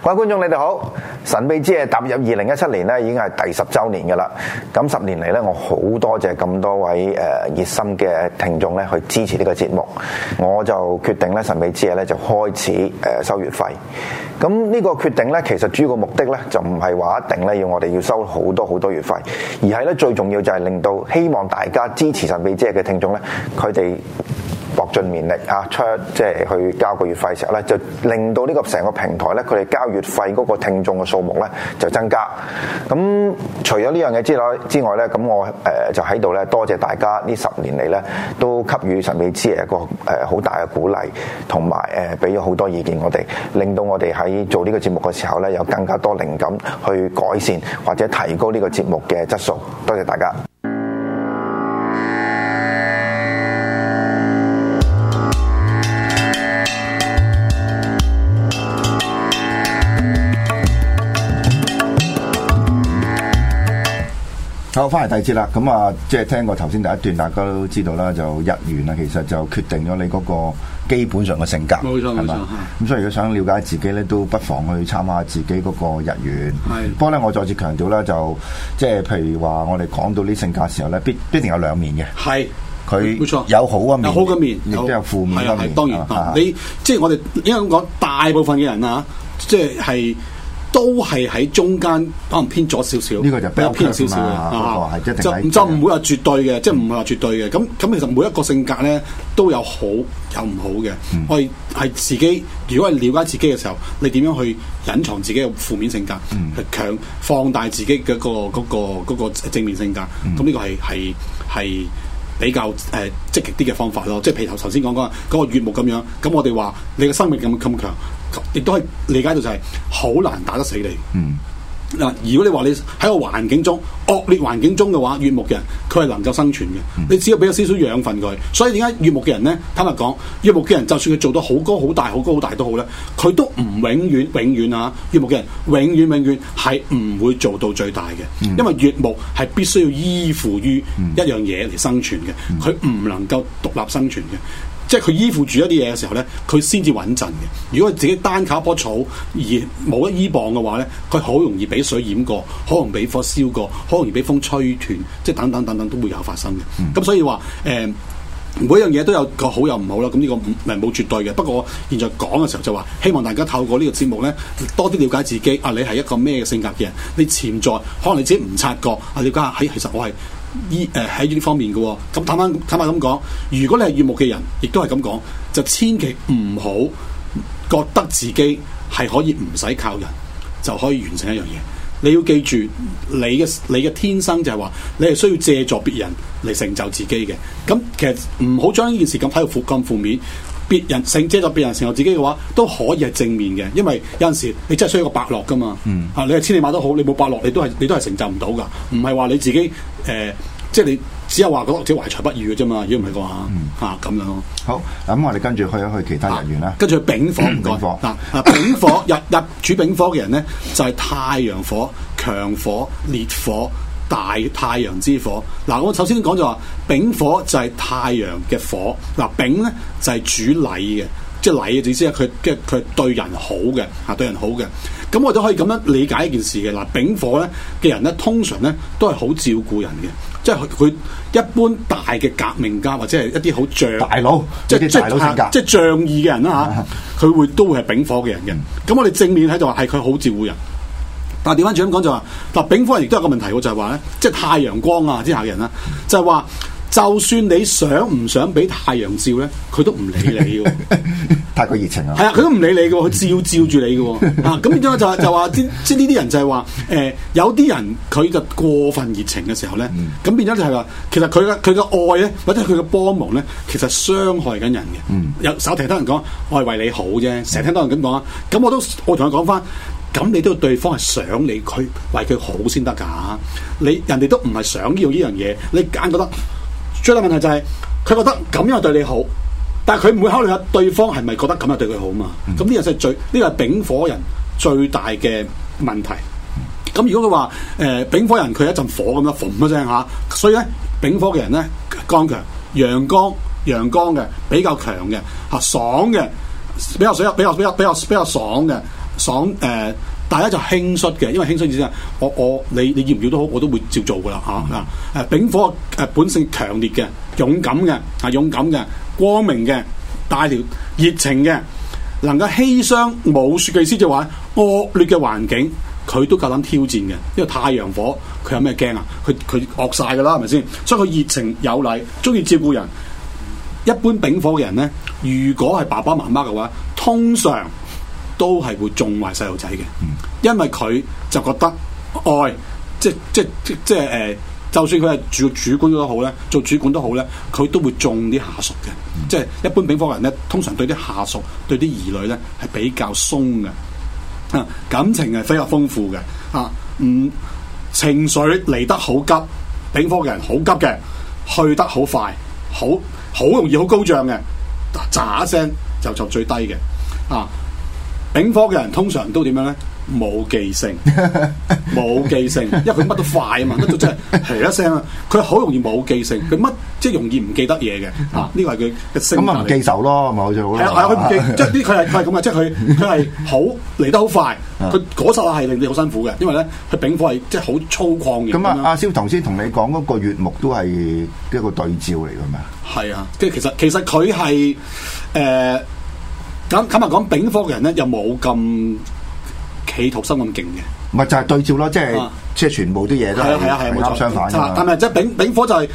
各位觀眾，你哋好！神秘之夜踏入二零一七年咧，已經係第十周年噶啦。咁十年嚟咧，我好多謝咁多位誒熱心嘅聽眾咧，去支持呢個節目。我就決定咧神秘之夜咧就開始誒收月費。咁呢個決定咧，其實主要個目的咧，就唔係話一定咧要我哋要收好多好多月費，而係咧最重要就係令到希望大家支持神秘之夜嘅聽眾咧，佢哋。搏盡綿力啊，出即係去交個月費時候咧，就令到呢個成個平台咧，佢哋交月費嗰個聽眾嘅數目咧就增加。咁除咗呢樣嘢之外呢，之外咧，咁我誒就喺度咧，多謝大家呢十年嚟咧都給予神秘之誒個誒好大嘅鼓勵，同埋誒俾咗好多意見我哋，令到我哋喺做呢個節目嘅時候咧有更加多靈感去改善或者提高呢個節目嘅質素。多謝大家。我翻嚟第二節啦，咁啊，即係聽過頭先第一段，大家都知道啦，就日元啊，其實就決定咗你嗰個基本上嘅性格，冇錯，咁啊吧，咁錯所以如果想了解自己咧，都不妨去參下自己嗰個日元。係是，不過咧，我再次強調啦，就即係譬如話，我哋講到呢性格嘅時候咧，必必定有兩面嘅，係是，佢冇錯，有好嘅面，有好嘅面，亦都有負面嘅面。當然，吧啊、你即係我哋點樣講，大部分嘅人啊，即係。都係喺中間可能偏咗少少，比較偏少少嘅，就唔會話絕對嘅，即係唔會話絕對嘅。咁咁其實每一個性格呢，都有好有唔好嘅。嗯、我哋係自己，如果係了解自己嘅時候，你點樣去隱藏自己嘅負面性格，強、嗯、放大自己嘅一、嗰個、嗰個嗰個正面性格，咁呢個係係係。比較誒、呃、積極啲嘅方法咯，即係譬如頭頭先講講嗰個月木咁樣，咁我哋話你嘅生命力咁咁強，亦都可以理解到就係好難打得死你。嗯。嗱，如果你話你喺個環境中惡劣環境中嘅話，乙木嘅人佢係能夠生存嘅，你只要俾少少養分佢，所以點解乙木嘅人咧？坦白講，乙木嘅人就算佢做到好高好大好高好大好都好咧，佢都唔永遠，永遠啊！乙木嘅人永遠永遠係唔會做到最大嘅，因為乙木係必須要依附於一樣嘢嚟生存嘅，佢唔能夠獨立生存嘅。即係佢依附住一啲嘢嘅時候咧，佢先至穩陣嘅。如果佢自己單靠一樖草而冇得依傍嘅話咧，佢好容易俾水淹過，好容易俾火燒過，好容易俾風吹斷，即係等等等等都會有發生嘅。咁、嗯、所以話誒、呃，每一樣嘢都有個好有唔好啦。咁呢個唔係冇絕對嘅。不過現在講嘅時候就話，希望大家透過呢個節目咧，多啲了解自己。啊，你係一個咩性格嘅人？你潛在可能你自己唔察覺。啊，你家下喺其實我係。依誒喺呢方面嘅，哦，咁坦白坦白咁講，如果你係乙木嘅人，亦都係咁講，就千祈唔好覺得自己係可以唔使靠人就可以完成一樣嘢。你要記住，你嘅你嘅天生就係話，你係需要借助別人嚟成就自己嘅。咁其實唔好將呢件事咁睇到咁負面負面。別人承遮咗別人承受自己嘅話，都可以係正面嘅，因為有陣時你真係需要個伯樂噶嘛。嗯、啊，你係千里馬都好，你冇伯樂，你都係你都係成就唔到噶。唔係話你自己誒、呃，即係你只有話嗰個自己懷才不遇嘅啫嘛。如果唔係嘅話，嚇、啊、咁樣咯。好，咁我哋跟住去一去其他人員啦、啊。跟住去丙火唔該嗱啊丙火, 火入入主丙火嘅人咧，就係、是、太陽火、強火、烈火。大太陽之火，嗱我首先講就話丙火就係太陽嘅火，嗱丙咧就係主禮嘅，即係禮嘅意思啊，佢即係佢對人好嘅，吓，對人好嘅，咁我都可以咁樣理解一件事嘅。嗱丙火咧嘅人咧通常咧都係好照顧人嘅，即係佢一般大嘅革命家或者係一啲好仗大佬，即係大佬性格，即係即係仗義嘅人啦吓，佢會都會係丙火嘅人嘅，咁、嗯、我哋正面喺度話係佢好照顧人。但係調翻轉咁講就話、是，嗱丙方人亦都有個問題喎，就係話咧，即係太陽光啊！之下嘅人啦、啊，就係、是、話，就算你想唔想俾太陽照咧，佢都唔理你嘅。 太過熱情啊！係 啊，佢都唔理你嘅，佢照照住你嘅。咁變咗就就話，即係呢啲人就係話，誒、呃、有啲人佢就過分熱情嘅時候咧，咁、嗯、變咗就係、是、話，其實佢嘅佢嘅愛咧，或者佢嘅幫忙咧，其實傷害緊人嘅。有成日聽多人講，我係為你好啫，成日聽多人咁講啊，咁我都我同佢講翻。咁你都要對方係想你佢為佢好先得噶，你人哋都唔係想要呢樣嘢，你硬覺得最大問題就係佢覺得咁樣對你好，但係佢唔會考慮下對方係咪覺得咁樣對佢好嘛？咁呢樣就係最呢個係丙火人最大嘅問題。咁如果佢話誒，丙火人佢一陣火咁樣逢一聲吓，所以咧丙火嘅人咧剛強、陽光、陽光嘅比較強嘅吓、爽嘅比較水比較比較比較比較爽嘅。爽誒、呃，大家就輕率嘅，因為輕率意思係我我你你要唔要都好，我都會照做噶啦嚇嗱誒，丙火誒、呃、本性強烈嘅，勇敢嘅啊，勇敢嘅，光明嘅，帶條熱情嘅，能夠欺霜冇雪嘅意思就話惡劣嘅環境，佢都夠膽挑戰嘅，因為太陽火佢有咩驚啊？佢佢惡晒噶啦，係咪先？所以佢熱情有禮，中意照顧人。一般丙火嘅人咧，如果係爸爸媽媽嘅話，通常。都係會縱壞細路仔嘅，因為佢就覺得愛、哎，即係即係即係誒、呃，就算佢係做主管都好咧，做主管都好咧，佢都會縱啲下屬嘅，嗯、即係一般丙方人咧，通常對啲下屬、對啲兒女咧係比較鬆嘅，啊，感情係非常豐富嘅，啊，嗯，情緒嚟得好急，丙火嘅人好急嘅，去得好快，好好容易好高漲嘅，咋一聲就就最低嘅，啊。丙火嘅人通常都點樣咧？冇記性，冇記性，因為佢乜都快啊嘛，乜 都即係嚡一聲啊，佢好容易冇記性，佢乜即係容易唔記得嘢嘅。啊，呢個係佢嘅性唔記仇咯，係咪好似好？係係佢唔記，即係呢佢係係咁啊，啊 即係佢佢係好嚟得好快，佢嗰剎那係令你好辛苦嘅，因為咧佢丙火係即係好粗獷嘅。咁啊，阿蕭頭先同你講嗰個月目都係一個對照嚟噶嘛？係啊，即係、啊、其實其實佢係誒。咁今日講丙火人咧，又冇咁企圖心咁勁嘅。咪就係對照咯，即係即係全部啲嘢都係啱相反。但係即係丙丙火就係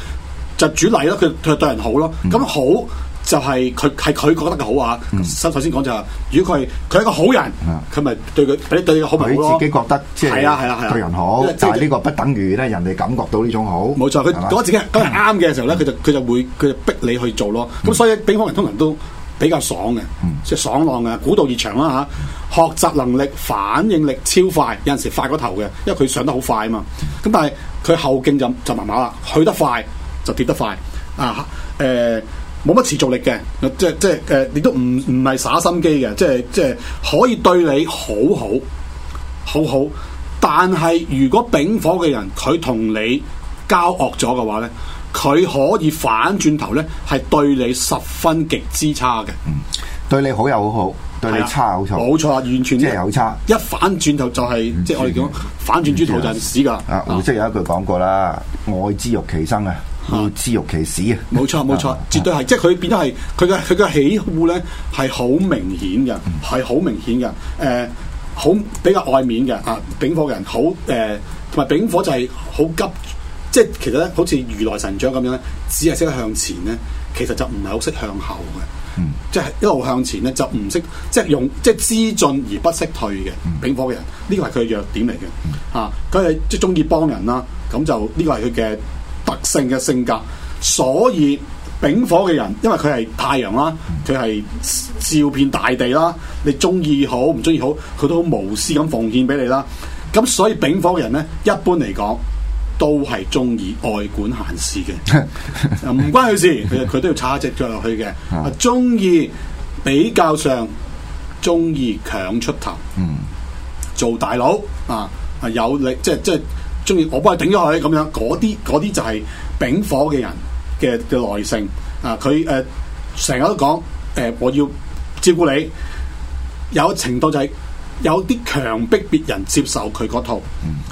就主禮咯，佢佢對人好咯。咁好就係佢係佢覺得佢好啊。首先講就係，如果佢係佢係一個好人，佢咪對佢對個好朋友咯。自己覺得即係係啊係啊對人好，但係呢個不等於咧人哋感覺到呢種好。冇錯，佢覺得自己係啱嘅時候咧，佢就佢就會佢就逼你去做咯。咁所以丙火人通常都比較爽嘅，即係爽朗嘅，古道熱腸啦嚇。學習能力、反應力超快，有陣時快過頭嘅，因為佢上得好快啊嘛。咁但係佢後勁就就麻麻啦，去得快就跌得快啊。誒、呃，冇乜持續力嘅，即係即係誒，你、呃、都唔唔係耍心機嘅，即係即係可以對你好好好好。但係如果丙火嘅人佢同你交惡咗嘅話咧？佢可以反轉頭咧，係對你十分極之差嘅。嗯，對你好又好，好，對你差又好，錯，冇錯，完全即係好差。一反轉頭就係、是、 即係我哋講反轉豬頭就係屎噶。啊、 嗯，我、嗯、即、嗯嗯、有一句講過啦，愛之欲其生啊，惡之欲其死啊。冇錯冇錯，絕對係，嗯嗯、即係佢變咗係佢嘅佢嘅喜惡咧，係好明顯嘅，係 好明顯嘅。誒、呃，好比較外面嘅啊，丙火人好誒，同埋丙火就係好急。即係其實咧，好似如來神掌咁樣咧，只係識得向前咧，其實就唔係好識向後嘅。嗯、即係一路向前咧，就唔識即係用即係知進而不識退嘅。丙火嘅人，呢個係佢嘅弱點嚟嘅。嗯、啊，佢係即係中意幫人啦、啊，咁就呢個係佢嘅特性嘅性格。所以丙火嘅人，因為佢係太陽啦，佢係照遍大地啦，你中意好唔中意好，佢都好無私咁奉獻俾你啦。咁所以丙火嘅人咧，一般嚟講，都係中意愛管閒事嘅，唔、啊、關佢事，其實佢都要插隻腳落去嘅。中、啊、意比較上，中意強出頭，做大佬啊，有力，啊、即係即係中意，我幫你頂咗佢咁樣。嗰啲啲就係丙火嘅人嘅嘅耐性。啊，佢誒成日都講誒、呃，我要照顧你，有程度就係、是、有啲強逼別人接受佢嗰套。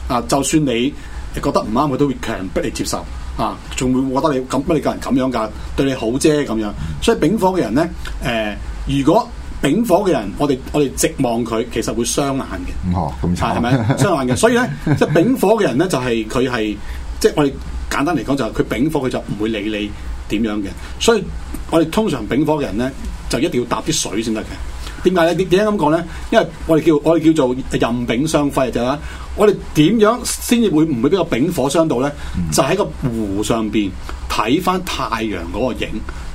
啊，就算你。你覺得唔啱，佢都會強迫你接受啊，仲會覺得你咁乜你個人咁樣噶，對你好啫咁樣。所以丙火嘅人咧，誒、呃，如果丙火嘅人，我哋我哋直望佢，其實會傷眼嘅。哦，咁差係咪？傷 眼嘅，所以咧，即、就、係、是、丙火嘅人咧，就係佢係即係我哋簡單嚟講，就係佢丙火，佢就唔會理你點樣嘅。所以我哋通常丙火嘅人咧，就一定要搭啲水先得嘅。點解咧？點點解咁講咧？因為我哋叫我哋叫做壬丙相輝啊，就啊、係！我哋點樣先至會唔會俾個丙火相到咧？嗯、就喺個湖上邊睇翻太陽嗰個影，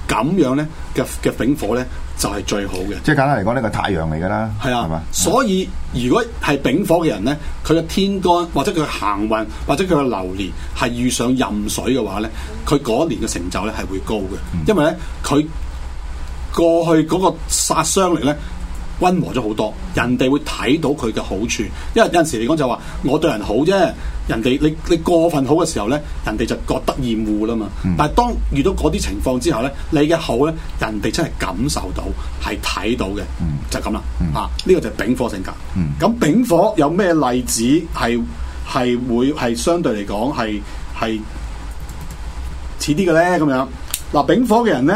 咁樣咧嘅嘅丙火咧就係最好嘅。即係簡單嚟講，呢、呢個太陽嚟噶啦。係啊，係嘛？所以如果係丙火嘅人咧，佢嘅天干或者佢行運或者佢嘅流年係遇上壬水嘅話咧，佢嗰年嘅成就咧係會高嘅，嗯、因為咧佢過去嗰個殺傷力咧。溫和咗好多，人哋會睇到佢嘅好處，因為有陣時嚟講就話、是、我對人好啫，人哋你你過分好嘅時候咧，人哋就覺得厭惡啦嘛。嗯、但係當遇到嗰啲情況之後咧，你嘅好咧，人哋真係感受到係睇到嘅，嗯、就咁啦。嗯、啊，呢、這個就係丙火性格。咁、嗯啊、丙火有咩例子係係會係相對嚟講係係似啲嘅咧？咁樣嗱、啊，丙火嘅人咧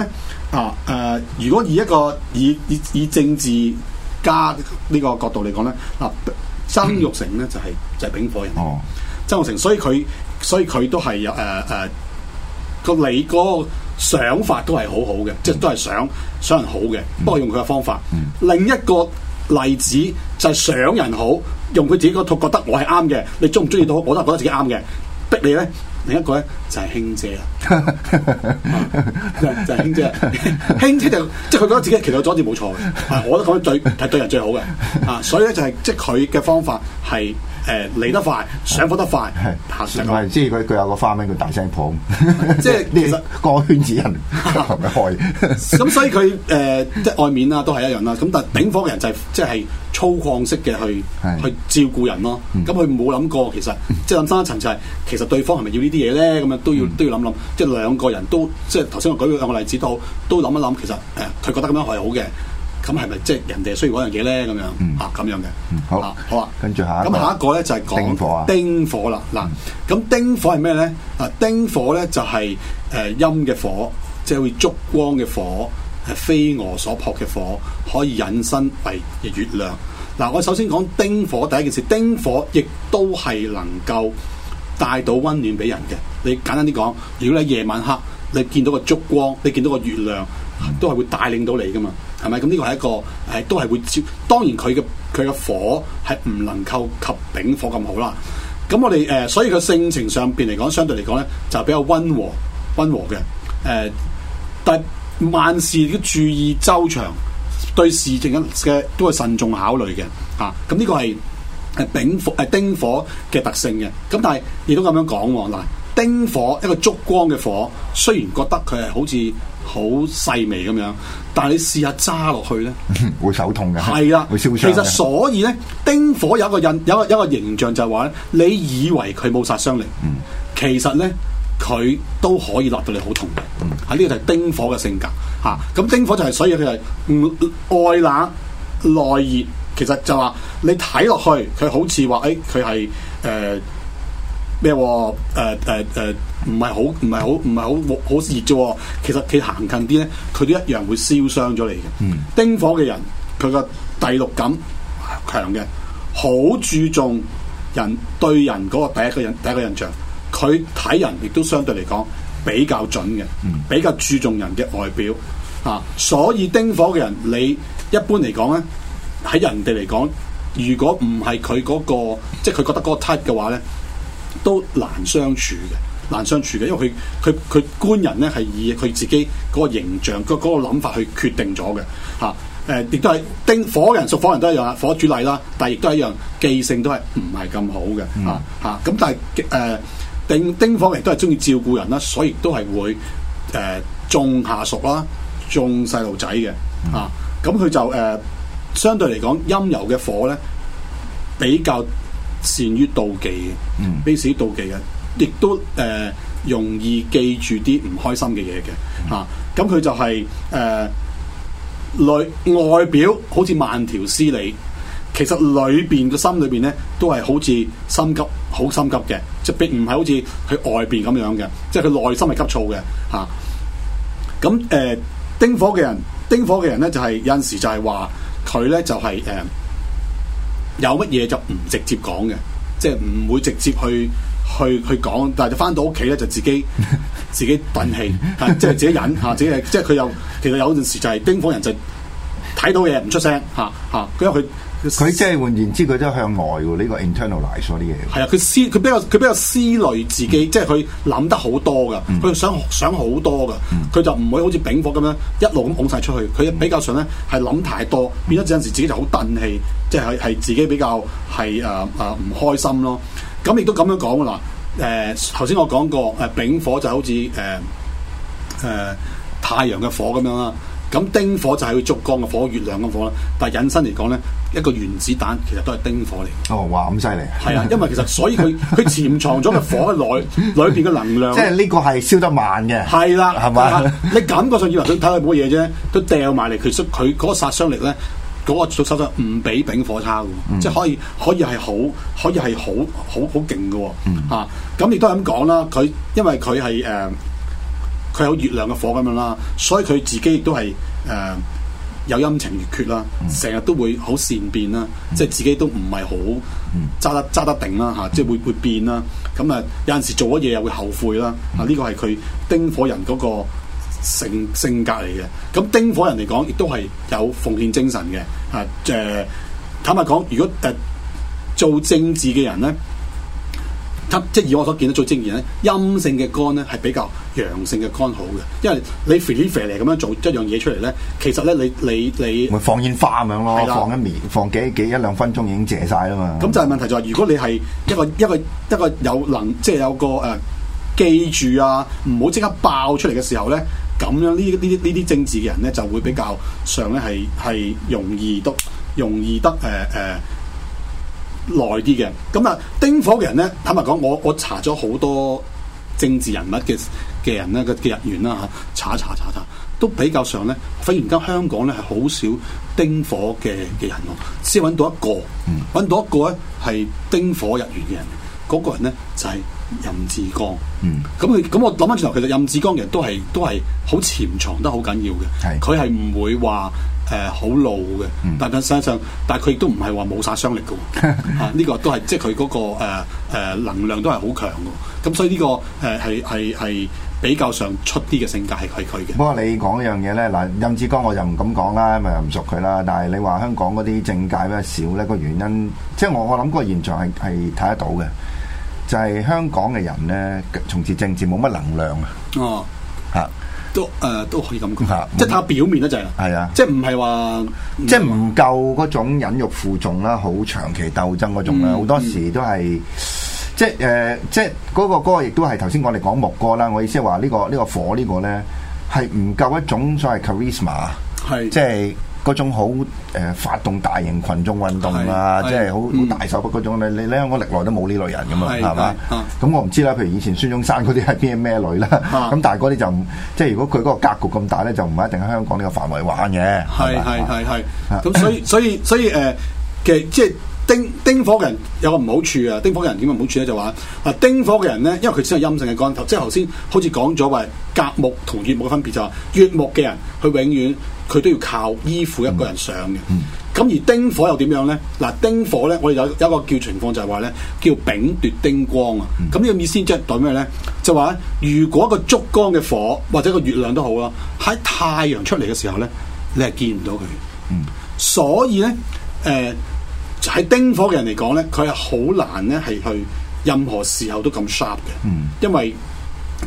啊誒、呃，如果以一個以以以，以政治。家呢個角度嚟講咧，嗱，曾鈺成咧就係、是、就係、是、丙火人，哦、曾鈺成所，所以佢所以佢都係有誒誒個你嗰個想法都係好好嘅，嗯、即係都係想想人好嘅，不過用佢嘅方法。嗯、另一個例子就係想人好，用佢自己個覺得我係啱嘅，你中唔中意都，我都覺得自己啱嘅。逼你咧，另一個咧就係兄姐啦，就係、係、兄姐 啊，兄、就係就係、姐， 姐就即係佢覺得自己其實我阻止冇錯嘅，係 我都講對，係對人最好嘅，啊，所以咧就係即係佢嘅方法係。誒、嚟、呃、得快，上火得快，係，唔係，即係佢佢有個花名，叫「大聲講，即係其實 個圈子人係咪 開？咁、 啊嗯、所以佢誒、呃，即係外面啦、啊，都係一樣啦、啊。咁但係頂火嘅人就係、是、即係粗獷式嘅去是去照顧人咯。咁佢冇諗過，其實、嗯、即係諗返一層就係、是，其實對方係咪要呢啲嘢咧？咁樣都要都要諗諗。即係兩個人都即係頭先我舉兩個例子都好，都諗一諗。其實誒，佢、呃、覺得咁樣係好嘅。咁係咪即係人哋需要嗰樣嘢咧？咁樣、嗯、啊，咁樣嘅，好，好啊，好啊。跟住下，咁下一個咧就係講丁火啦。嗱，咁丁火係咩咧？啊，丁火咧、嗯、就係誒陰嘅火，即、就、係、是、會燭光嘅火，係飛蛾所撲嘅火，可以引申為月亮。嗱，我首先講丁火，第一件事，丁火亦都係能夠帶到溫暖俾人嘅。你簡單啲講，如果你夜晚黑，你見到個燭光，你見到個月亮，都係會帶領到你噶嘛。嗯。係咪咁？呢個係一個係都係會照。當然佢嘅佢嘅火係唔能夠及丙火咁好啦。咁我哋誒、呃，所以個性情上邊嚟講，相對嚟講咧就是、比較溫和溫和嘅。誒、呃，但萬事要注意周詳，對事情嘅都係慎重考慮嘅。啊，咁、嗯、呢、這個係誒丙火誒丁火嘅特性嘅。咁但係亦都咁樣講喎。嗱，丁火、啊、丁火一個燭光嘅火，雖然覺得佢係好似。好細微咁樣，但係你試下揸落去咧， 會手痛嘅。係啦的，會燒傷。其實所以咧，丁火有一個印，有一個一個形象就係話咧，你以為佢冇殺傷力，嗯、其實咧佢都可以落到你好痛嘅。喺呢個就係丁火嘅性格吓，咁、啊、丁火就係、是、所以佢係外冷內熱，其實就話你睇落去佢好似話誒，佢係誒咩話誒誒。唔係好唔係好唔係好好熱啫，其實佢行近啲咧，佢都一樣會燒傷咗你嘅。嗯、丁火嘅人，佢個第六感強嘅，好注重人對人嗰個第一個印第一個印象。佢睇人亦都相對嚟講比較準嘅，嗯、比較注重人嘅外表啊。所以丁火嘅人，你一般嚟講咧，喺人哋嚟講，如果唔係佢嗰個，即係佢覺得嗰個 type 嘅話咧，都難相處嘅。難相處嘅，因為佢佢佢官人咧係以佢自己嗰個形象，嗰、那、嗰個諗，那個法去決定咗嘅，吓、啊，誒、呃，亦都係丁、啊啊呃、丁、丁火人屬火人都一樣啦，火主禮啦，但係亦都一樣記性都係唔係咁好嘅，啊，吓、嗯，咁但係誒丁丁火人都係中意照顧人啦，所以亦都係會誒縱下屬啦，縱細路仔嘅，啊，咁佢就誒相對嚟講陰柔嘅火咧比較善於妒忌，base、嗯、妒忌嘅。亦都誒、呃、容易記住啲唔開心嘅嘢嘅吓，咁、啊、佢就係、是、誒、呃、內外表好似慢條斯理，其實裏邊嘅心裏邊咧都係好似心急，好心急嘅，即係並唔係好似佢外邊咁樣嘅，即係佢內心係急躁嘅吓。咁、啊、誒、呃，丁火嘅人，丁火嘅人咧就係、是、有陣時就係話佢咧就係、是、誒、呃、有乜嘢就唔直接講嘅，即係唔會直接去。去去講，但係就翻到屋企咧，就自己自己頓氣，即係自己忍，吓自己即係佢有。 其實有陣時就係丙火人就睇到嘢，唔出聲，吓吓。因為佢佢即係換言之，佢都向外呢個 internalize 咗啲嘢。係啊，佢思佢比較佢比較思慮自己，即係佢諗得好多噶，佢、um. 想想好多噶，佢就唔會好似丙火咁樣一路咁往晒出去。佢、um. 比較上咧係諗太多，變咗有陣時自己就好頓氣，即係係自己比較係誒誒唔開心咯。咁亦都咁樣講，喎，嗱，誒頭先我講過，誒、呃、丙火就好似誒誒太陽嘅火咁樣啦，咁丁火就係佢燭光嘅火、月亮嘅火啦。但係引申嚟講咧，一個原子彈其實都係丁火嚟。哦，哇咁犀利！係啊，因為其實所以佢佢 潛藏咗嘅火內裏邊嘅能量。即係呢個係燒得慢嘅。係啦，係咪？你感覺上以為佢睇佢冇嘢啫，都掉埋嚟，其實佢嗰殺傷力咧。嗰個出手就唔俾丙火差嘅，嗯、即係可以可以係好，可以係好好好勁嘅嚇、哦。咁亦、嗯啊、都係咁講啦，佢因為佢係誒，佢、呃、有月亮嘅火咁樣啦，所以佢自己亦都係誒有陰晴月缺啦，成日都會好善變啦，嗯、即係自己都唔係好揸得揸得定啦嚇、啊，即係會會變啦。咁啊有陣時做咗嘢又會後悔啦，嗯、啊呢、這個係佢丁火人嗰、那個。性性格嚟嘅，咁丁火人嚟講，亦都係有奉獻精神嘅。啊，誒，坦白講，如果誒、啊、做政治嘅人咧，即係以我所見到做政治人咧，陰性嘅干咧係比較陽性嘅干好嘅，因為你肥呢肥呢咁樣做一樣嘢出嚟咧，其實咧你你你，咪放煙花咁樣咯，的放一秒，放幾幾一兩分鐘已經謝曬啦嘛。咁就係問題就係，如果你係一個一個一個有能，即係有個誒、呃、記住啊，唔好即刻爆出嚟嘅時候咧。嗯嗯咁樣呢啲呢啲政治嘅人咧，就會比較上咧係係容易得容易得誒誒、呃呃、耐啲嘅。咁啊，丁火嘅人咧，坦白講，我我查咗好多政治人物嘅嘅人啦嘅日元啦嚇，查查查查，查都比較上咧。忽然間香港咧係好少丁火嘅嘅人喎，先揾到一個，揾、嗯、到一個咧係丁火日元嘅人，嗰、那個人咧就係、是。任志剛，嗯，咁佢咁我諗翻轉頭，其實任志剛嘅人都係都係好潛藏得好緊要嘅，係佢係唔會話誒好老嘅。嗯、但係實際上，但係佢亦都唔係話冇殺傷力嘅， 啊呢、這個都係即係佢嗰個誒誒、呃呃、能量都係好強嘅，咁所以呢個誒係係係比較上出啲嘅性格係係佢嘅。不過你講一樣嘢咧嗱，任志剛我就唔敢講啦，咪又唔熟佢啦。但係你話香港嗰啲政界咧少咧個原因，即係我我諗嗰個現象係係睇得到嘅。就係香港嘅人咧，從事政治冇乜能量啊！哦，嚇都誒、呃、都可以咁講，嗯、即係睇表面啦，就係啦，係啊，即係唔係話，即係唔夠嗰種忍辱負重啦，好長期鬥爭嗰種啦，好多時都係、嗯、即係誒、呃，即係嗰個嗰個亦都係頭先我哋講牧歌啦，我意思係話呢個呢個火呢個咧係唔夠一種所謂 charisma，係即係是的、就係。嗰種好誒發動大型群眾運動啊，即係好好大手筆嗰種咧，你香港歷來都冇呢類人㗎嘛，係嘛？咁我唔知啦。譬如以前孫中山嗰啲係邊咩類啦？咁但係嗰啲就即係如果佢嗰個格局咁大咧，就唔係一定喺香港呢個範圍玩嘅。係係係係。咁所以所以所以誒嘅即係丁丁火嘅人有個唔好處啊！丁火嘅人點嘅唔好處咧，就話啊丁火嘅人咧，因為佢只係陰性嘅干頭，即係頭先好似講咗話甲木同乙木嘅分別就係乙木嘅人佢永遠。佢都要靠依附一個人上嘅，咁、嗯、而丁火又點樣咧？嗱，丁火咧，我哋有有一個叫情況就係話咧，叫丙奪丁光啊。咁呢個意思即係代表咩咧？就話、咧、如果個燭光嘅火或者個月亮都好啦，喺太陽出嚟嘅時候咧，你係見唔到佢。嗯、所以咧，誒喺丁火嘅人嚟講咧，佢係好難咧係去任何時候都咁 sharp 嘅，嗯、因為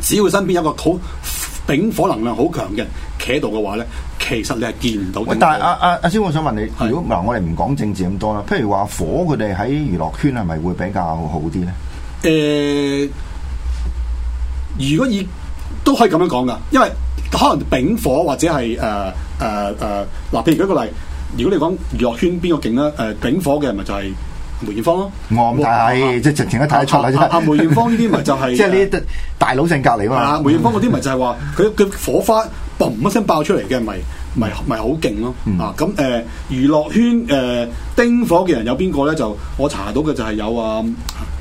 只要身邊有個好丙火能量好強嘅企喺度嘅話咧。其實你係見唔到。喂，但係阿阿阿師，我想問你，如果嗱，我哋唔講政治咁多啦。譬如話火，佢哋喺娛樂圈係咪會比較好啲咧？誒，如果以都可以咁樣講噶，因為可能丙火或者係誒誒誒，嗱，譬如舉個例，如果你講娛樂圈邊個勁咧？誒，丙火嘅咪就係梅艷芳咯。我咁睇，即係直情一睇得出。阿梅艷芳呢啲咪就係即係呢啲大佬性格嚟嘛。梅艷芳嗰啲咪就係話佢佢火花。唔、哦、一聲爆出嚟嘅，咪咪咪好勁咯！啊，咁誒、嗯啊呃，娛樂圈誒、呃，丁火嘅人有邊個咧？就我查到嘅就係有啊，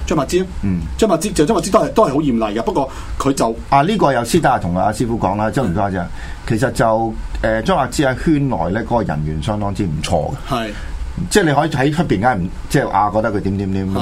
張柏芝。嗯，張柏芝就張柏芝都係都係好嚴厲嘅，不過佢就啊，呢、這個有私底下同阿師傅講啦，張唔該啊，其實就誒，張、呃、柏芝喺圈內咧，嗰個人緣相當之唔錯嘅。係是，即係你可以喺出邊啱，唔即係阿覺得佢點點點。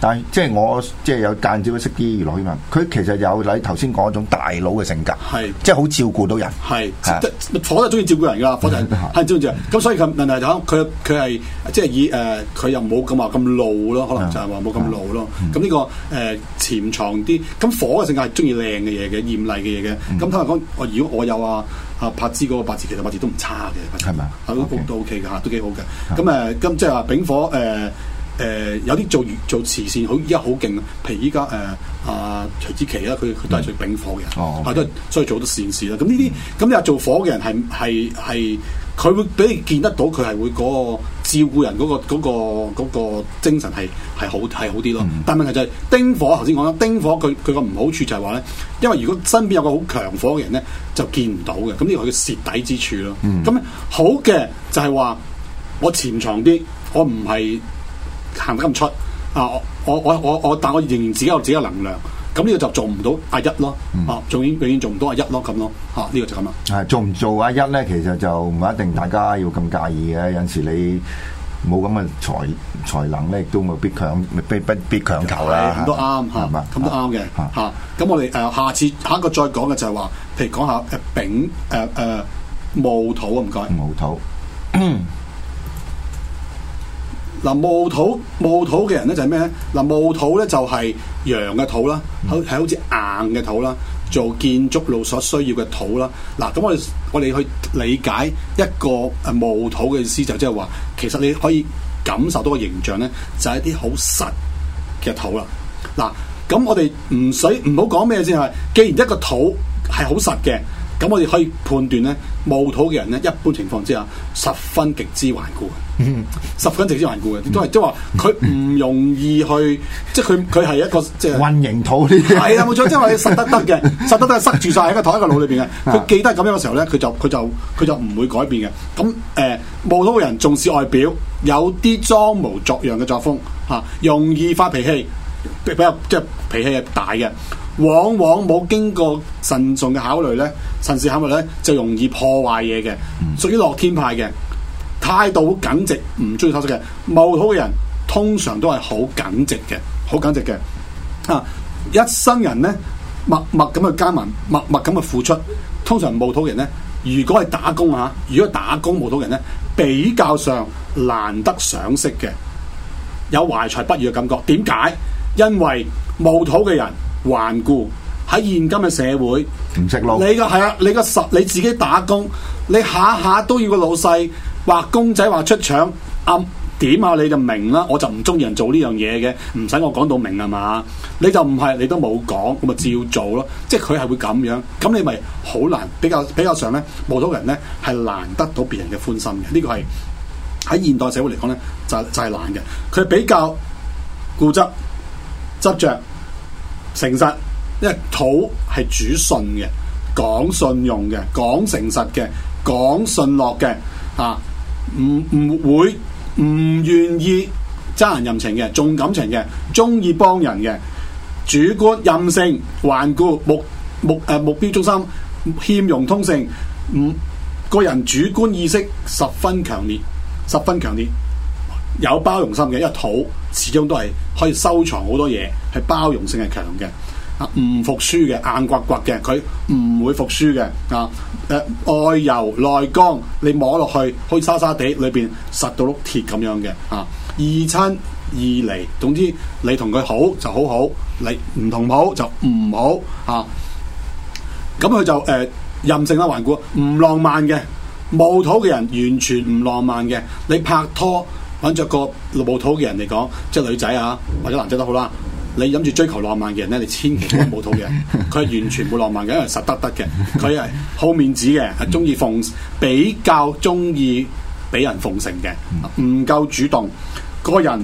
但係即係我即係有間接識啲娛樂圈人，佢其實有你頭先講嗰種大佬嘅性格，係即係好照顧到人，係火就中意照顧人㗎喇，火就係中意照顧人。咁所以佢難題就係佢佢係即係以誒，佢又冇咁話咁驢咯，可能就係話冇咁驢咯。咁呢個誒潛藏啲咁火嘅性格係中意靚嘅嘢嘅，豔麗嘅嘢嘅。咁坦白講，我如果我有啊阿柏芝嗰個八字，其實八字都唔差嘅，係咪啊？都都 OK 㗎吓，都幾好嘅。咁誒咁即係話丙火誒。誒、呃、有啲做做慈善好，而家好勁啊！譬如依家誒阿徐子淇啦，佢佢都係做丙火嘅，啊、嗯哦、都所以做好多善事啦。咁呢啲咁你話做火嘅人係係係，佢會俾你見得到佢係會嗰個照顧人嗰、嗰個嗰、嗰個嗰個、精神係係好係好啲咯。嗯、但問題就係丁火頭先講啦，丁火佢佢個唔好處就係話咧，因為如果身邊有個好強火嘅人咧，就見唔到嘅。咁呢個佢嘅蝕底之處咯。咁、嗯嗯嗯、好嘅就係話我潛藏啲，我唔係。行得咁出啊！我我我我，但我仍然自己有自己嘅能量，咁呢個就做唔到阿一咯。嗯、啊，永遠永遠做唔到阿一咯，咁咯。啊，呢、這個就咁咯。係做唔做阿一咧？其實就唔一定，大家要咁介意嘅。有陣時你冇咁嘅才才能咧，亦都冇必強，必必必強求啦。咁都啱吓，咁都啱嘅吓。咁我哋誒，下次下一個再講嘅就係話，譬如講下誒丙誒誒戊土啊，唔、呃、該。戊、呃呃、土。 嗱，墓土墓土嘅人咧就係咩咧？嗱，墓土咧就係羊嘅土啦，係係好似硬嘅土啦，做建築路所需要嘅土啦。嗱，咁我我哋去理解一個墓土嘅意思，就即係話，其實你可以感受到個形象咧，就係一啲好實嘅土啦。嗱，咁我哋唔使唔好講咩先係，既然一個土係好實嘅。咁我哋可以判斷咧，戊土嘅人咧，一般情況之下十分極之頑固嘅，十分極之頑固嘅，都係即係話佢唔容易去，即係佢佢係一個即係混凝土呢？係啦， 冇錯，即係話你實得得嘅，實得得塞住晒喺個台、喺個腦裏邊嘅，佢 記得咁樣嘅時候咧，佢就佢就佢就唔會改變嘅。咁誒，戊、呃、土嘅人重視外表，有啲裝模作樣嘅作風嚇、啊，容易發脾氣，比較即係、即係、脾氣係大嘅。往往冇經過慎重嘅考慮咧，甚至考慮咧，就容易破壞嘢嘅，屬於樂天派嘅態度，好耿直，唔中意偷食嘅。戊土嘅人通常都係好耿直嘅，好耿直嘅。啊，一生人咧，默默咁去耕耘，默默咁去付出。通常戊土嘅人咧，如果係打工吓、啊，如果打工戊土人咧，比較上難得賞識嘅，有懷才不遇嘅感覺。點解？因為戊土嘅人。頑固，喺現今嘅社會唔識撈，你個係啊！你個十你自己打工，你下下都要個老細畫公仔畫出腸啱點啊，啊！你就明啦，我就唔中意人做呢樣嘢嘅，唔使我講到明係嘛？你就唔係你都冇講，我咪照做咯。即係佢係會咁樣，咁你咪好難比較比較上咧，無到人咧係難得到別人嘅歡心嘅。呢、呢個係喺現代社會嚟講咧，就係、就係、係、難嘅。佢比較固執執着。執誠實，因為土係主信嘅，講信用嘅，講誠實嘅，講信諾嘅，嚇、啊，唔唔會唔願意揸人任情嘅，重感情嘅，鍾意幫人嘅，主觀任性、頑固目目誒目標中心、欠容通性，五、嗯、個人主觀意識十分強烈，十分強烈。有包容心嘅，因為土始終都係可以收藏好多嘢，係包容性係強嘅啊。唔服輸嘅，硬骨骨嘅，佢唔會服輸嘅啊。誒、呃、外柔內剛，你摸落去好似沙沙地，裏邊實到碌鐵咁樣嘅啊。二親二離，總之你同佢好就好好，你唔同好就唔好啊。咁佢就誒、呃、任性啦，頑固唔浪漫嘅，冇土嘅人完全唔浪漫嘅。你拍拖，揾着個戊土嘅人嚟講，即係女仔啊，或者男仔都好啦。你諗住追求浪漫嘅人咧，你千祈唔好戊土嘅，佢係完全冇浪漫嘅，因為實得得嘅，佢係好面子嘅，係中意奉，比較中意俾人奉承嘅，唔夠主動，嗰個人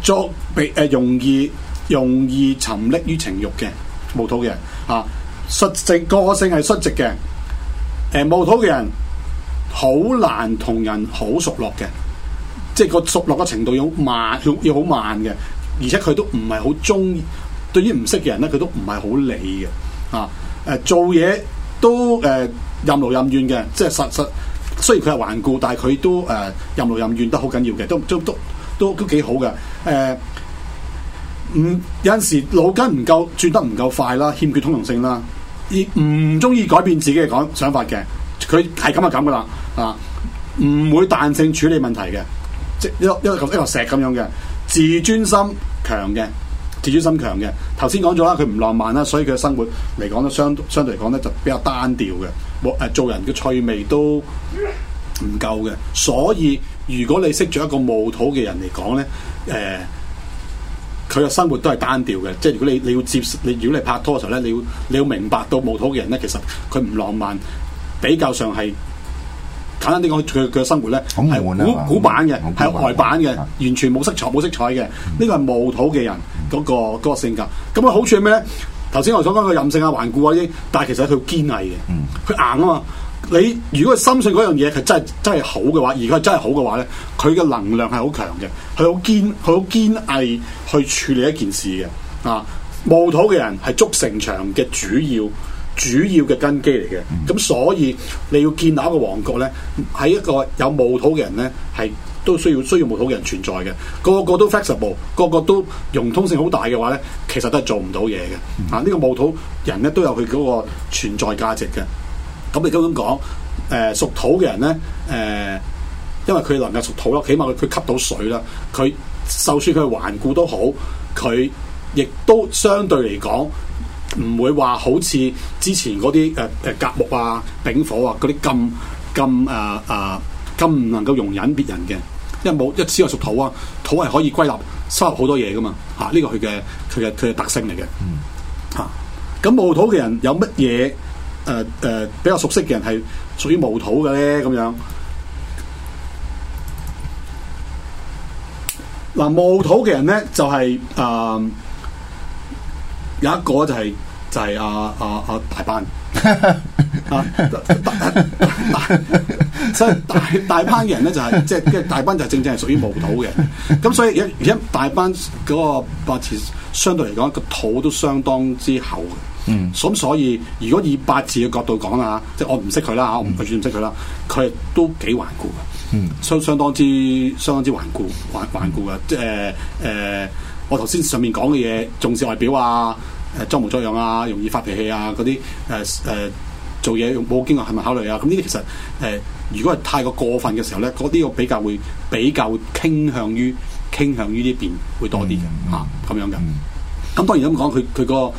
作誒、呃、容易容易沉溺於情欲嘅，戊土嘅人啊，率直個性係率直嘅，誒、呃，戊土嘅人好難同人好熟絡嘅。即係個熟落嘅程度要好慢，要要好慢嘅，而且佢都唔係好中意對於唔識嘅人咧，佢都唔係好理嘅。啊，誒、呃、做嘢都誒、呃、任勞任怨嘅，即係實實雖然佢係頑固，但係佢都誒、呃、任勞任怨得好緊要嘅，都都都都都幾好嘅。誒、啊，唔、嗯、有陣時腦筋唔夠轉得唔夠快啦，欠缺通融性啦，而唔中意改變自己嘅講想法嘅，佢係咁就咁噶啦，啊，唔會彈性處理問題嘅。一一個一個石咁樣嘅，自尊心強嘅，自尊心強嘅。頭先講咗啦，佢唔浪漫啦，所以佢嘅生活嚟講咧，相對相對嚟講咧就比較單調嘅，冇誒做人嘅趣味都唔夠嘅。所以如果你識咗一個冇土嘅人嚟講咧，誒佢嘅生活都係單調嘅。即係如果你你要接，你如果你拍拖嘅時候咧，你要你要明白到冇土嘅人咧，其實佢唔浪漫，比較上係。簡單啲講佢佢嘅生活咧，係古通古板嘅，係呆板嘅，完全冇色彩冇色彩嘅。呢、那個係戊土嘅人嗰個性格。咁、那、嘅、個、好處係咩咧？頭先我所講緊個任性啊、頑固啊啲，但係其實佢堅毅嘅，佢硬啊嘛。你如果係深信嗰樣嘢係真係真係好嘅話，而佢真係好嘅話咧，佢嘅能量係好強嘅，佢好堅佢好堅毅去處理一件事嘅。啊，戊土嘅人係築城牆嘅主要。主要嘅根基嚟嘅，咁所以你要建立一個王國咧，喺一個有墓土嘅人咧，係都需要需要墓土嘅人存在嘅。個個都 flexible，個個都融通性好大嘅話咧，其實都係做唔到嘢嘅。啊，呢、這個墓土人咧都有佢嗰個存在價值嘅。咁你咁樣講，誒、呃，屬土嘅人咧，誒、呃，因為佢能夠屬土啦，起碼佢吸到水啦，佢就算佢頑固都好，佢亦都相對嚟講。唔會話好似之前嗰啲，誒誒甲木啊、丙火啊，嗰啲咁咁誒誒咁唔能夠容忍別人嘅，因為冇一土係屬土啊，土係可以歸納收入好多嘢噶嘛，吓，呢個佢嘅佢嘅佢嘅特性嚟嘅。吓，咁戊土嘅人有乜嘢誒誒比較熟悉嘅人係屬於戊土嘅咧？咁樣嗱，戊土嘅人咧就係、是、誒、呃、有一個就係、是。就係阿阿阿大班，啊，所以大大，大，大班嘅人咧、就是，就係即係即係大班就正正係屬於戊土嘅。咁所以而家而家大班嗰個八字，相對嚟講個土都相當之厚。嗯，咁所以如果以八字嘅角度講啊，即係我唔識佢啦，嚇，我唔完全唔識佢啦，佢、嗯、都幾頑固。嗯，相相當之相當之頑固，頑頑固嘅。即係誒、呃呃，我頭先上面講嘅嘢，重視外表啊。誒裝模作樣啊，容易發脾氣啊，嗰啲誒誒做嘢冇經過係咪考慮啊？咁呢啲其實誒、呃，如果係太過過分嘅時候咧，嗰呢個比較會比較傾向於傾向於呢邊會多啲嘅嚇咁樣嘅。咁、嗯嗯、當然咁講，佢佢、嗰個誒嗰、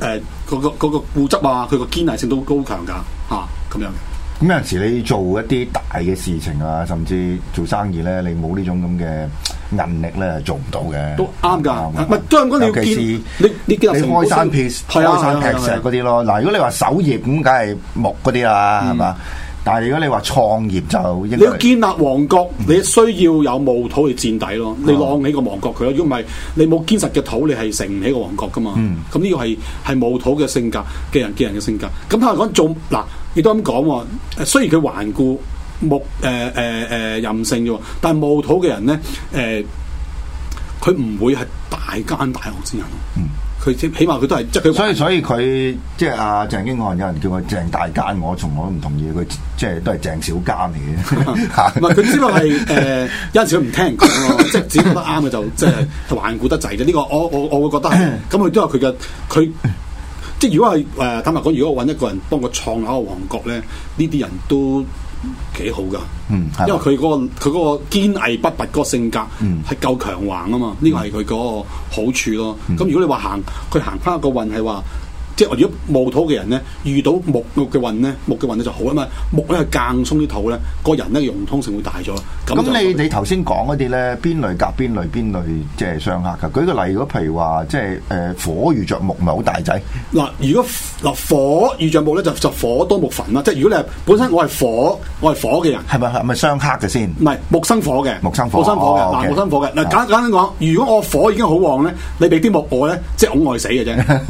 呃嗰個個固執啊，佢個堅毅性都好高強噶嚇咁樣嘅。咁有陣時你做一啲大嘅事情啊，甚至做生意咧，你冇呢種咁嘅。人力咧做唔到嘅，都啱噶，唔係都係講你要建你開山劈，開山劈石嗰啲咯。嗱，如果你話守業咁，梗係木嗰啲啦，係嘛？但係如果你話創業就應該要建立王國，你需要有戊土去墊底咯。你攞起個王國佢咯，如果唔係你冇堅實嘅土，你係成唔起個王國噶嘛？咁呢個係係戊土嘅性格，嘅人嘅性格。咁睇嚟講做嗱，亦都咁講，雖然佢頑固。木誒誒誒任性嘅喎，但係木土嘅人咧，誒佢唔會係大奸大惡之人，佢即係起碼佢都係、嗯、所以所以佢即係、啊、阿鄭經翰，有人叫佢「鄭大奸」，我從來都唔同意。佢即係都係「鄭小奸」嚟嘅、啊。唔係佢只不過係誒、呃、 有陣時佢唔聽人講咯， 即係自己覺得啱嘅就即係頑固得滯啫。呢個我我我會覺得咁佢都有佢嘅佢。即係如果係誒坦白講，如果我揾一個人幫我創下個王國咧，呢啲人都。幾好噶，嗯、因為佢嗰、嗰個佢、嗯、個堅毅不拔嗰個性格係夠強橫啊嘛，呢個係佢嗰個好處咯。咁、嗯、如果你話行，佢行翻一個運係話。即如果木土嘅人咧，遇到木嘅運咧，木嘅運咧就好啊嘛。木咧係間鬆啲土咧，個人咧融通性會大咗。咁你你頭先講嗰啲咧，邊類夾邊類邊類即係相克㗎？舉個例，如果譬如話，即係誒火遇着木咪好大仔嗱。如果嗱火遇着木咧，就就火多木焚啦。即係如果你係本身我係火，我係火嘅人，係咪係咪相克嘅先？唔係木生火嘅，木生火，木生火嘅，嗱，木生火嘅嗱。簡單啲講，如果我火已經好旺咧，你俾啲木我咧，即係拱外死嘅啫。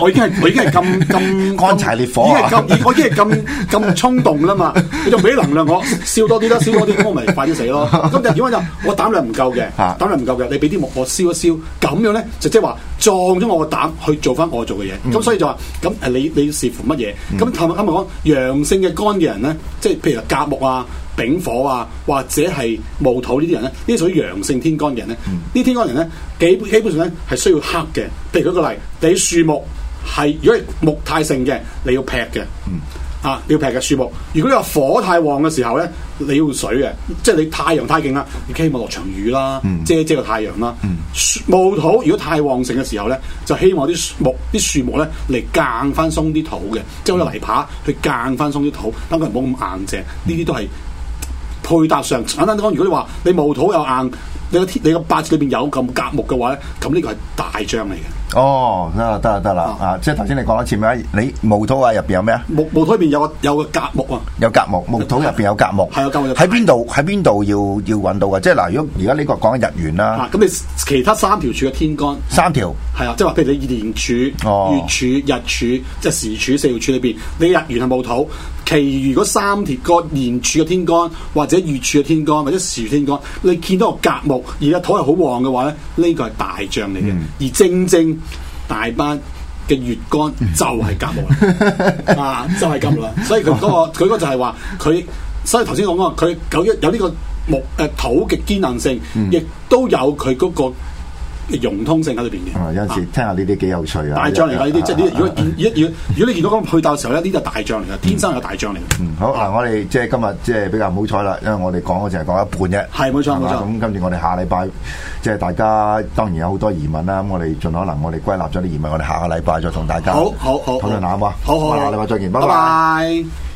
我佢已經係咁咁乾柴烈火啊！我依家係咁咁衝動啦嘛，你就俾能量我，燒多啲啦，燒多啲火咪快啲死咯。咁就點解就我膽量唔夠嘅？膽量唔夠嘅，你俾啲木我燒一燒，咁樣咧，就即係話撞咗我個膽去做翻我做嘅嘢。咁、嗯嗯、所以就話咁誒，你你視乎乜嘢？咁頭啱啱講陽性嘅肝嘅人咧，即係譬如甲木啊、丙火啊，或者係戊土呢啲人咧，呢啲屬於陽性天干嘅人咧，呢天干人咧幾基本上咧係需要黑嘅。譬如舉個例，你樹木。係，如果木太盛嘅，你要劈嘅，嗯、啊，你要劈嘅樹木。如果你話火太旺嘅時候咧，你要水嘅，即係你太陽太勁啦，你希望落場雨啦，嗯、遮遮個太陽啦、嗯。木土如果太旺盛嘅時候咧，就希望啲木啲樹木咧嚟降翻鬆啲土嘅，即係好似泥耙去降翻鬆啲土，等佢唔好咁硬淨。呢啲都係配搭上、嗯、簡單講，如果你話你木土又硬，你個你個八字裏邊有咁夾木嘅話咧，咁呢個係大將嚟嘅。哦，得啦得啦得啦啊！即係頭先你講多次咩？你戊土啊，入邊有咩啊？戊戊土入邊有，有個有個甲木啊，有甲木，戊土入邊有甲木。係啊，喺邊度？喺邊度要要揾到嘅？即係嗱、啊，如果而家呢個講日元啦，咁、啊、你其他三條柱嘅天干三條係啊，即係話譬如你年柱、哦、月柱、日柱，即係時柱四條柱裏邊，你日元係戊土，其餘嗰三條柱年柱嘅天干或者月柱嘅天干或者時柱天干，你見到個甲木而家土係好旺嘅話咧，呢、這個係大將嚟嘅，而正正。大班嘅月干就係甲木啦，啊，就係甲木啦，所以佢嗰個佢嗰個就係話，佢，所以頭先講啊，佢究竟有呢個木誒土嘅堅韌性，亦都有佢嗰個。融通性喺裏邊嘅，有時聽下呢啲幾有趣啊！大將嚟㗎呢啲，即係你如果如果如果你見到咁去到嘅時候咧，呢就大將嚟嘅，天生係大將嚟嘅。嗯，好啊，我哋即係今日即係比較唔好彩啦，因為我哋講嘅就係講一半啫。係冇錯冇錯。咁跟住我哋下禮拜，即係大家當然有好多疑問啦。咁我哋盡可能，我哋歸納咗啲疑問，我哋下個禮拜再同大家好好討論下，咁好，下禮拜再見，拜拜。